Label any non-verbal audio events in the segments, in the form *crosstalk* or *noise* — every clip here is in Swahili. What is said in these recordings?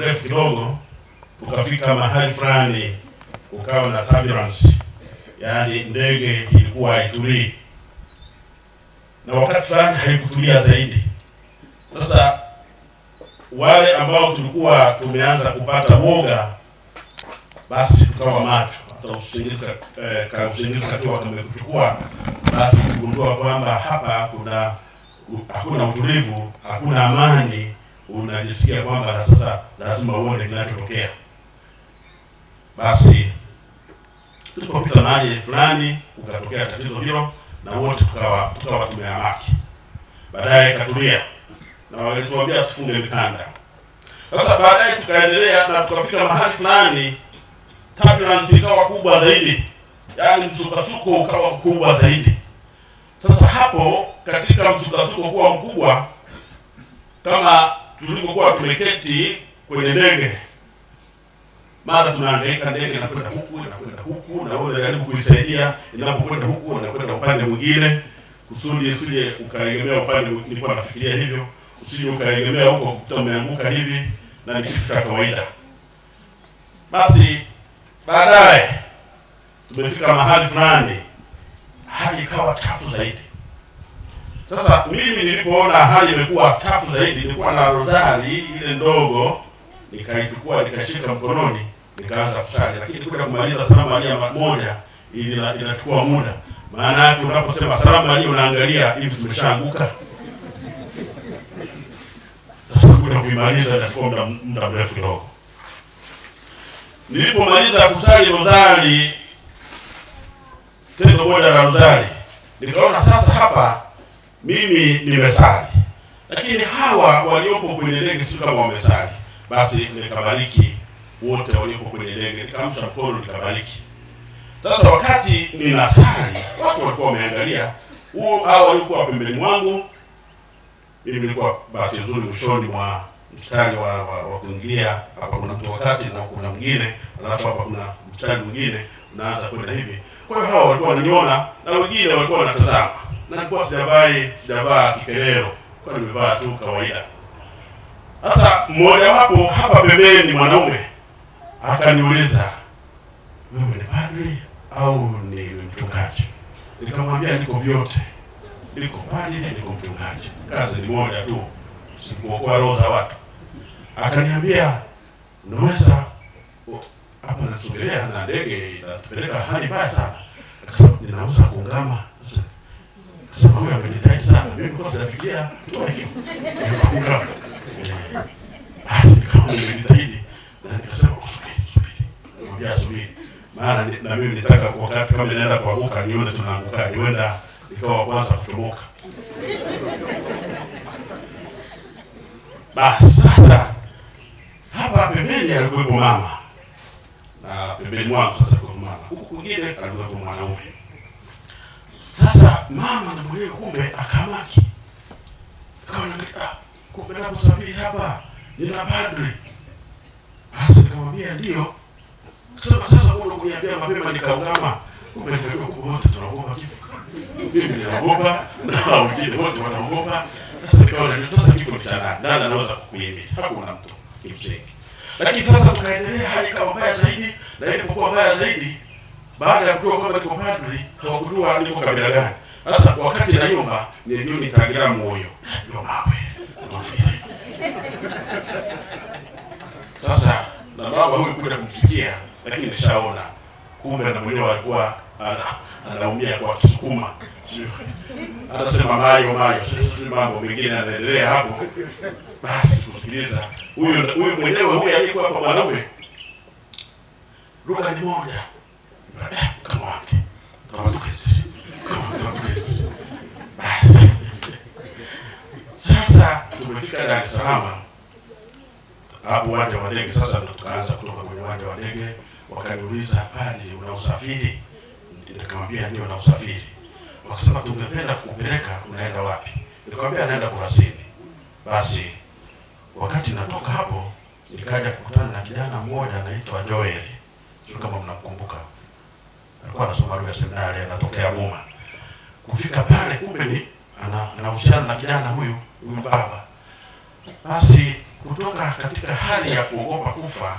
mrefu kidogo, ukafika mahali fulani ukawa na turbulence, yaani ndege ilikuwa haitulii, na wakati fulani haikutulia zaidi. Sasa wale ambao tulikuwa tumeanza kupata woga, basi tukawa macho, hata usingizi eh, ka usingizi kakiwa kamekuchukua, basi kugundua kwamba hapa kuna hakuna utulivu, hakuna amani unajisikia kwamba na sasa lazima uone kinachotokea. Basi tulipopita mahali fulani ukatokea tatizo hilo, na wote tukawa tukawa tumeamaki, baadaye ikatulia na walituambia tufunge mikanda. Sasa baadaye tukaendelea na tukafika mahali fulani, turbulence ikawa kubwa zaidi, yaani msukasuko ukawa mkubwa zaidi. Sasa hapo katika msukasuko kuwa mkubwa kama tulivyokuwa tumeketi kwenye ndege, mara tunaandika ndege inakwenda huku inakwenda huku, na wewe unajaribu kuisaidia, inapokwenda huku inakwenda upande mwingine, kusudi usije ukaegemea upande. Nilikuwa nafikiria hivyo, usije ukaegemea huko kukuta umeanguka hivi, na ni kitu cha kawaida. Basi baadaye tumefika mahali fulani, hali ikawa chafu zaidi sasa mimi nilipoona hali imekuwa tafu zaidi, nilikuwa na rozari ile ndogo nikaichukua nikashika mkononi nikaanza kusali, lakini kuja kumaliza salamu alia moja inachukua muda. Maana yake unaposema salamu alia unaangalia hivi tumeshaanguka sasa, kuja kuimaliza inachukua muda muda mrefu kidogo. Nilipomaliza kusali rozari, tendo moja la rozari, nikaona sasa hapa mimi nimesali, lakini hawa waliopo kwenye ndege sio kama wamesali. Basi nikabariki wote waliopo kwenye ndege, nikamsha mkono nikabariki. Sasa wakati ninasali, watu walikuwa wameangalia huo, hao walikuwa pembeni mwangu. Mimi nilikuwa bahati nzuri mwishoni mwa mstari wa, wa, wa kuingilia hapa, kuna mtu wakati na kuna mwingine, alafu hapa kuna mstari mwingine unaanza kwenda hivi. Kwa hiyo hawa walikuwa wananiona na wengine walikuwa wanatazama na nilikuwa sijavai sijavaa kikelelo, kwa nimevaa tu kawaida. Sasa mmoja wapo hapa pembeni mwanaume akaniuliza, wewe ni padri au ni mchungaji? Nikamwambia niko vyote, niko padri, niko mchungaji, kazi ni moja tu, sikuokoa roho za watu. Akaniambia unaweza hapa nasogelea na ndege inatupeleka hali mbaya sana, ninauza kuungama sasa huyo amejitahidi sana, mimi nilikuwa sinafikiria kutoa elimu nikafunga, basi kama nimejitahidi na nikasema usubiri, subiri, mwambia subiri, maana na mimi nitaka wakati kama ninaenda kuanguka nione tunaanguka, niwenda nikawa kwanza kuchomoka. Basi sasa hapa pembeni alikuwepo mama na pembeni mwangu sasa, kwa mama huku kwingine alikuwepo mwanaume sasa mama na mwenyewe kumbe akamaki, akaona ah, kumbe na kusafiri hapa nina padri. Basi nikamwambia ndio. Sasa sasa wewe unaniambia mapema, nikaungama kumbe nitakuwa kubwa, wote tunaogopa kifo. Mimi ninaogopa na wengine wote wanaomba. Sasa nikaona ni sasa kifo kitana nani anaweza kukuhimili? Hakuna mtu kimsingi. Lakini sasa tukaendelea, hali ikawa mbaya zaidi, na ilipokuwa mbaya zaidi baada ya kujua kwamba niko padri, hawakujua niko kabila gani. Sasa wakati nayomba ndio nitagira moyo yomawe mafiri sasa na baba huyu kwenda kumsikia, lakini nishaona kumbe na mwili alikuwa anaumia kwa Kisukuma, anasema mayo mayo, sisi mambo mengine anaendelea hapo. Basi kusikiliza huyu huyu mwenyewe huyu alikuwa hapa mwanaume, lugha ni moja kama wake sasa tumefika Dar es Salaam hapo uwanja wa ndege. Sasa ndo tukaanza kutoka kwenye uwanja wa ndege, wakaniuliza hapani, una usafiri? Nikamwambia ndio na usafiri. Wakasema tungependa kupeleka, unaenda wapi? Nikamwambia naenda Kurasini. Basi wakati natoka hapo nikaja kukutana na kijana mmoja anaitwa Joel, sio kama mnamkumbuka alikuwa anasoma lugha seminari, anatokea Goma. Kufika pale, kumbe ni anahusiana na kijana huyu huyu baba. Basi kutoka katika hali ya kuogopa kufa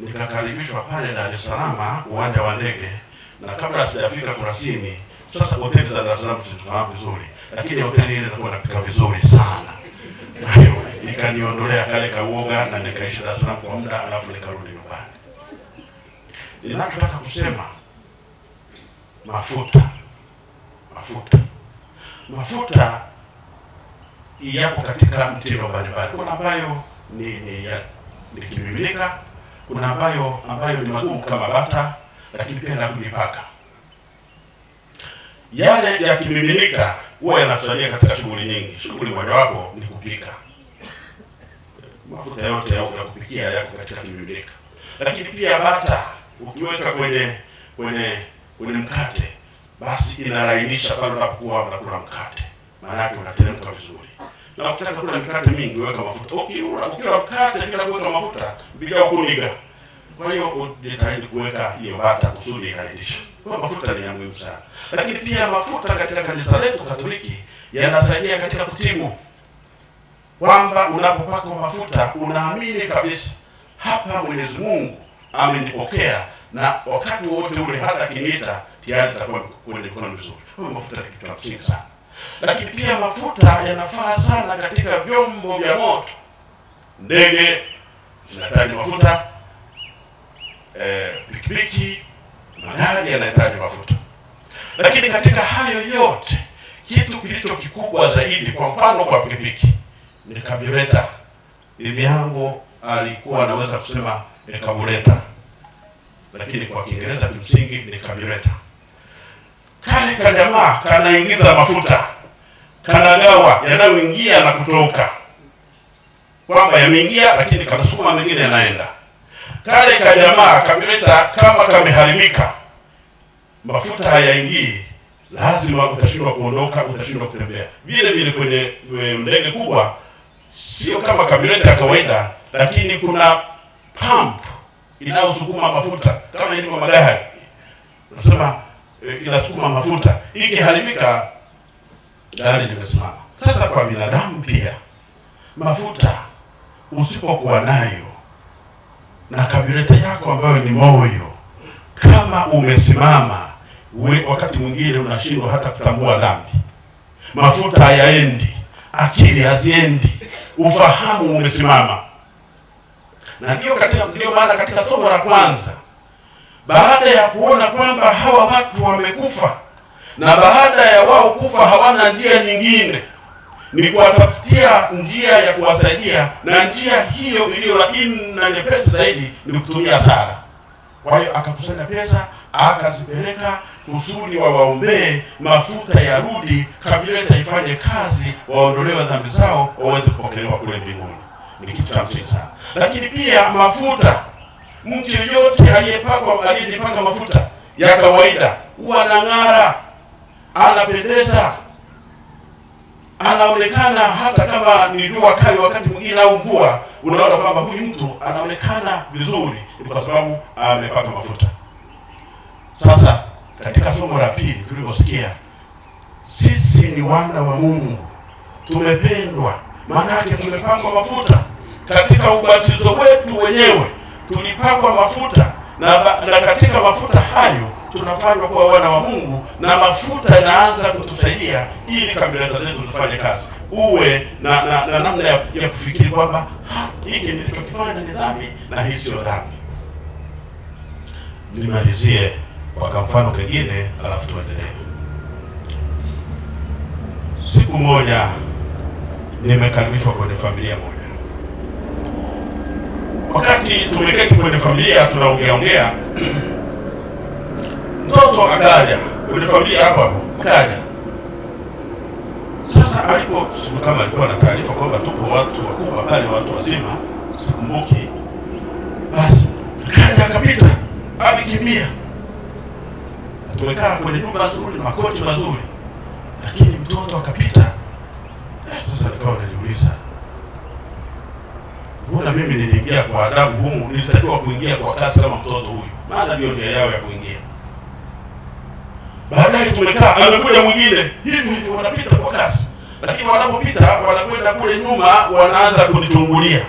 nikakaribishwa pale Dar es Salaam, uwanja wa ndege, na kabla sijafika kurasini. Sasa hoteli za Dar es Salaam sizifahamu vizuri, lakini hoteli ile ilikuwa inapika vizuri sana. Kwa hiyo ikaniondolea kale kauoga na nikaishi Dar es Salaam kwa muda, alafu nikarudi nyumbani. Ninachotaka kusema mafuta mafuta mafuta yapo katika mtindo mbalimbali. Kuna ambayo ni ni, ni kimiminika, kuna ambayo ambayo ni magumu kama bata, lakini pia na kujipaka. Yale ya kimiminika huwa yanatusaidia katika shughuli nyingi. Shughuli mojawapo ni kupika. Mafuta yote ya kupikia yako katika kimiminika, lakini pia bata ukiweka kwenye kwenye kwenye mkate, basi inalainisha pale unapokuwa unakula mkate, maana yake unateremka vizuri. Na ukitaka kula mikate mingi, weka mafuta. Ukiula ukila mkate bila kuweka mafuta, bila kuniga. Kwa hiyo ujitahidi kuweka hiyo bata kusudi inalainisha. Kwa mafuta ni ya muhimu sana, lakini pia mafuta katika kanisa letu Katoliki yanasaidia katika kutibu, kwamba unapopaka mafuta unaamini kabisa hapa Mwenyezi Mungu amenipokea na wakati wote ule, hata akiniita tayari itakuwa kwenye mikono mizuri. Huyo mafuta ni kitu msingi sana, lakini pia mafuta yanafaa sana katika vyombo vya moto. Ndege zinahitaji mafuta, e, pikipiki, magari yanahitaji mafuta. Lakini katika hayo yote, kitu kilicho kikubwa zaidi, kwa mfano kwa pikipiki ni kabureta. Bibi yangu alikuwa anaweza kusema ni kabureta lakini kwa Kiingereza kimsingi ni kabureta. Kale kajamaa kanaingiza mafuta, kanagawa yanayoingia na kutoka, kwamba yameingia, lakini kanasukuma mengine yanaenda. Kale kajamaa kabureta kama kameharibika, mafuta hayaingii, lazima utashindwa kuondoka, utashindwa kutembea. Vile vile kwenye ndege kubwa, sio kama kabureta ya kawaida, lakini kuna pump inayosukuma mafuta kama ilivyo magari, nasema eh, inasukuma mafuta, ikiharibika gari limesimama. Sasa kwa binadamu pia, mafuta usipokuwa nayo na kabureta yako ambayo ni moyo, kama umesimama we, wakati mwingine unashindwa hata kutambua dhambi. Mafuta hayaendi, akili haziendi, ufahamu umesimama. Na ndio katika ndio maana katika somo la kwanza, baada ya kuona kwamba hawa watu wamekufa na baada ya wao kufa hawana njia nyingine, ni kuwatafutia njia ya kuwasaidia, na njia hiyo iliyo laini na nyepesi zaidi ni kutumia sala. Kwa hiyo akakusanya pesa akazipeleka kusudi wawaombee, mafuta rudi, kabila ifanye kazi, waondolewe dhambi zao, waweze kupokelewa kule mbinguni ni kitu cha msingi sana. Lakini pia mafuta, mtu yoyote aliyepakwa aliyejipaka mafuta ya kawaida huwa anang'ara, anapendeza, anaonekana hata kama ni jua kali wakati mwingine au mvua, unaona kwamba huyu mtu anaonekana vizuri, kwa sababu amepaka mafuta. Sasa katika somo la pili tulivyosikia, sisi ni wana wa Mungu, tumependwa, maana yake tumepakwa mafuta katika ubatizo wetu wenyewe tulipakwa mafuta na, na katika mafuta hayo tunafanywa kuwa wana wa Mungu, na mafuta yanaanza kutusaidia ili kabilata zetu zifanye kazi, uwe na, na, na namna ya, ya kufikiri kwamba hiki nilichokifanya ni dhambi na hii sio dhambi. Nimalizie kwa mfano kengine, alafu tuendelee. Siku moja nimekaribishwa kwenye familia moja wakati tumeketi kwenye familia tunaongea ongea, mtoto akaja kwenye familia hapo hapo akaja. Sasa alipo kama alikuwa na taarifa kwamba tuko watu wakubwa pale, watu wazima, sikumbuki. Basi kaja akapita, amekimbia. Tumekaa kwenye nyumba nzuri, makoti mazuri, lakini mtoto akapita. Sasa nikawa naliuliza mbona mimi niliingia kwa adabu humu, nilitakiwa kuingia kwa kasi kama mtoto huyu, maana ndio njia yao ya kuingia. Baadaye tumekaa, amekuja mwingine hivi hivi, wanapita kwa kasi, lakini wanapopita wanakwenda kule nyuma, wanaanza kunichungulia,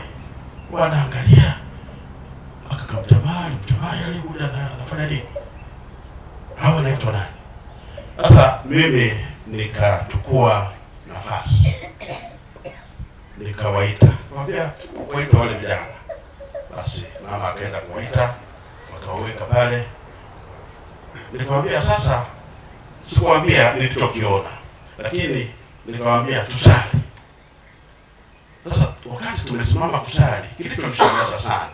wanaangalia akakamtamali mtamali aliyekuja anafanya nini, hawa naitwa nani? Sasa mimi nikachukua nafasi nikawaita Nikamwambia waite wale vijana. Basi mama akaenda kuwaita, wakawaweka pale. Nikamwambia sasa, sikuambia nilichokiona, lakini nikamwambia tusali. Sasa wakati tumesimama kusali, kilichonishangaza sana,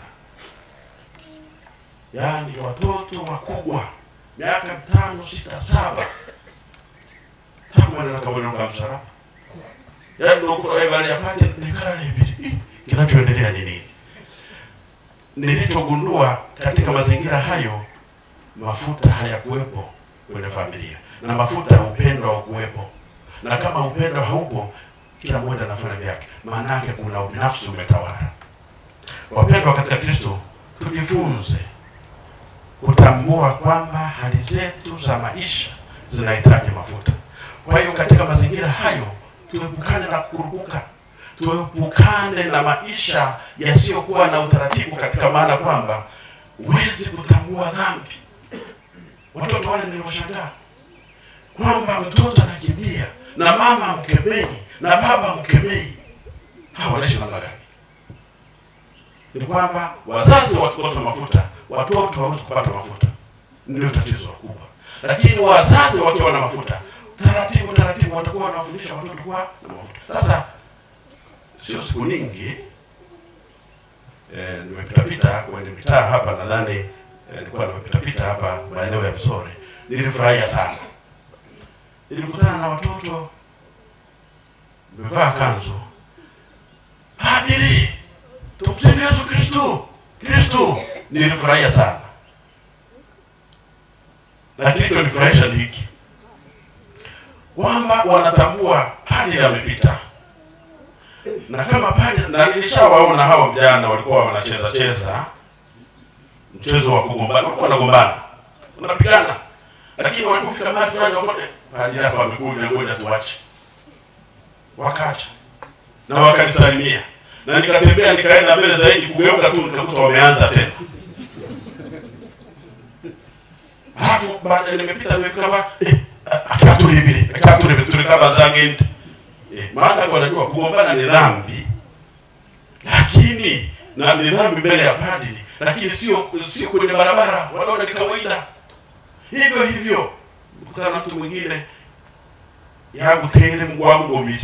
yaani watoto wakubwa miaka mitano, sita, saba takumanena kabononga msalaba yaani nokuta wevalia pate nekaralebili kinachoendelea ni nini? Nilichogundua katika mazingira hayo, mafuta hayakuwepo kwenye familia, na mafuta upendo haukuwepo, na kama upendo haupo, kila mmoja anafanya vyake, maana yake kuna ubinafsi umetawala. Wapendwa katika Kristo, tujifunze kutambua kwamba hali zetu za maisha zinahitaji mafuta. Kwa hiyo katika mazingira hayo tuepukane na kukurupuka tuepukane na maisha yasiyokuwa na utaratibu, katika maana kwamba huwezi kutambua dhambi. Watoto wale niliwashangaa kwamba mtoto anakimbia na mama mkemei na baba mkemei Hawa wanaishi namna gani? Ni kwamba wazazi wakikosa mafuta, watoto hawawezi kupata mafuta, ndio tatizo kubwa. Lakini wazazi wakiwa na mafuta, taratibu taratibu watakuwa wanawafundisha watoto kuwa na mafuta sasa sio siku nyingi e, eh, nimepitapita kwenye mitaa hapa, nadhani eh, nilikuwa nimepita pita hapa maeneo ya Msore. Nilifurahia sana, nilikutana na watoto nimevaa kanzu Padri, tumsifu Yesu Kristo, Kristo. Nilifurahia sana, lakini kilichonifurahisha ni hiki kwamba wanatambua padri amepita na kama pale na nilishawaona hawa vijana walikuwa wanacheza cheza mchezo wa kugombana, walikuwa wanagombana, wanapigana, lakini walipofika mahali fulani wakaona pale hapa wamekuja, ngoja tuache, wakaacha na wakanisalimia, na nikatembea nikaenda mbele zaidi, kugeuka tu nikakuta wameanza tena. Halafu baada nimepita nimefika ba eh, eh akatulibili akatulibili tulikaba zangende maadamu wanajua kugombana ni dhambi, lakini na ni dhambi mbele ya padri, lakini sio sio kwenye barabara, wanaona ni kawaida. Hivyo hivyo mkutana na mtu mwingine yagutere mgwamugomile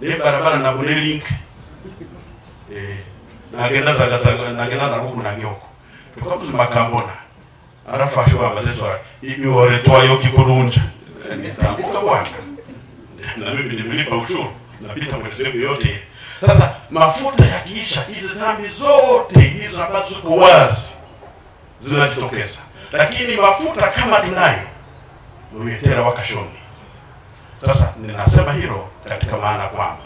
ni barabara na ne link *laughs* eh nagenda zagazaga nagenda narugu nangyoko tukabuza makambona arafashwa ibi ibihore twayo kikununja eh, nitambuka bwana na mimi nimelipa ushuru, napita kwenye sehemu yote Sasa mafuta yakiisha, hizo dhambi zote hizo ambazo ziko wazi zinajitokeza, lakini mafuta kama tunayo mwetera wakashoni. Sasa ninasema hilo katika maana kwamba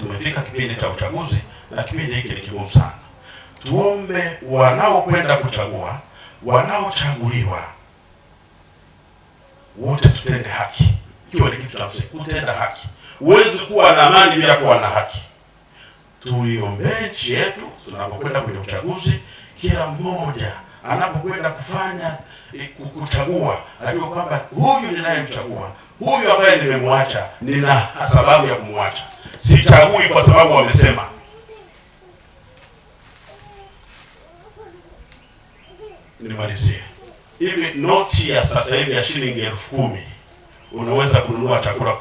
tumefika kipindi cha uchaguzi na kipindi hiki ni kigumu sana. Tuombe wanaokwenda kuchagua, wanaochaguliwa wote tutende haki ikiwa ni nafsi, kutenda haki. Huwezi kuwa na amani bila kuwa na haki. Tuiombee nchi yetu tunapokwenda kwenye uchaguzi, kila mmoja anapokwenda kufanya e, kuchagua ajue kwamba huyu ninayemchagua huyu ambaye nimemwacha nina sababu ya kumwacha, sichagui kwa sababu wamesema. Nimalizie hivi, noti ya sasa hivi ya shilingi elfu kumi unaweza kununua chakula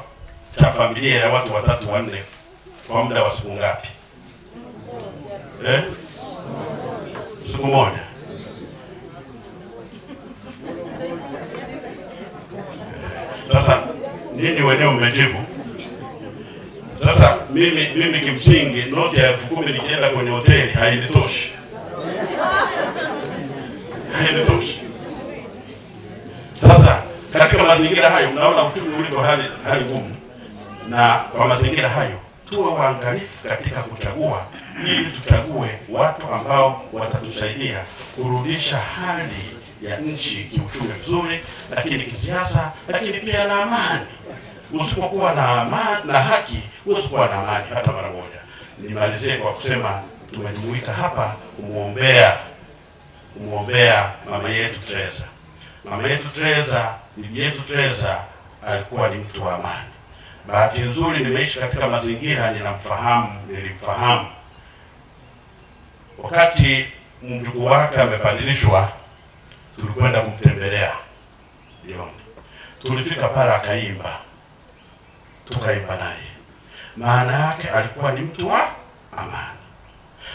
cha familia ya watu watatu wanne kwa muda wa siku ngapi? Eh? siku moja sasa. Nini wenyewe umejibu? sasa. Mimi mimi kimsingi, noti ya elfu kumi nikienda kwenye hoteli hainitoshi, hainitoshi sasa katika mazingira hayo, mnaona uchumi uliko hali hali ngumu, na kwa mazingira hayo tuwe waangalifu katika kuchagua, ili tuchague watu ambao watatusaidia kurudisha hali ya nchi kiuchumi vizuri, lakini kisiasa, lakini pia na amani. Usipokuwa na amani na haki, huwezi kuwa na amani hata mara moja. Nimalizie kwa kusema tumejumuika hapa kumwombea kumwombea mama yetu Teresa, mama yetu Teresa bibi yetu Teresa alikuwa ni mtu wa amani. Bahati nzuri nimeishi katika mazingira, ninamfahamu, nilimfahamu. Wakati mjukuu wake amepandilishwa, tulikwenda kumtembelea jioni. Tulifika pale akaimba, tukaimba naye. Maana yake alikuwa ni mtu wa amani,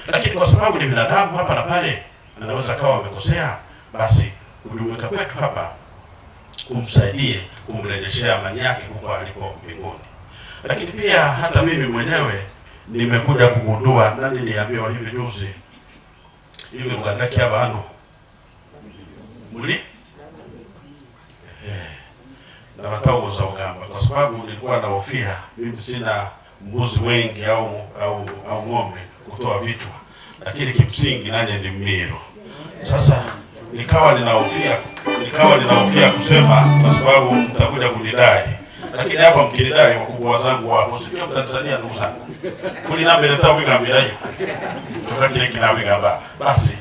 lakini kwa sababu ni binadamu, hapa na pale anaweza kawa amekosea, basi kujumuika kwetu hapa umsaidie kumrejeshea amani yake huko alipo mbinguni. Lakini pia hata mimi mwenyewe nimekuja kugundua, na niliambiwa hivi juzi hivi kugandakia bano muli eh, na za ugamba, kwa sababu nilikuwa hofia mimi sina mbuzi wengi au au au ng'ombe kutoa vichwa, lakini kimsingi nani ni mmiro sasa nikawa ninahofia nikawa ninahofia kusema kwa sababu mtakuja kunidai, lakini hapa mkinidai, wakubwa zangu wapo, sio Mtanzania, ndugu zangu kuli kulinambeletawigambirayo toka kile kinawigamba. Basi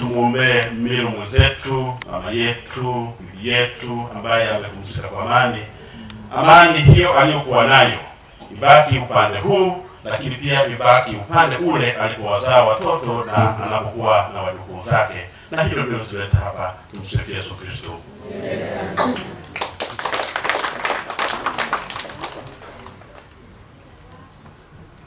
tumwombee Mmiru mwenzetu, mama yetu, bibi yetu ambaye amepumzika kwa amani. Amani hiyo aliyokuwa nayo ibaki upande huu, lakini pia ibaki upande ule alipowazaa watoto na anapokuwa na wajukuu zake na hilo ndio tuleta hapa. Tumsifie Yesu Kristo.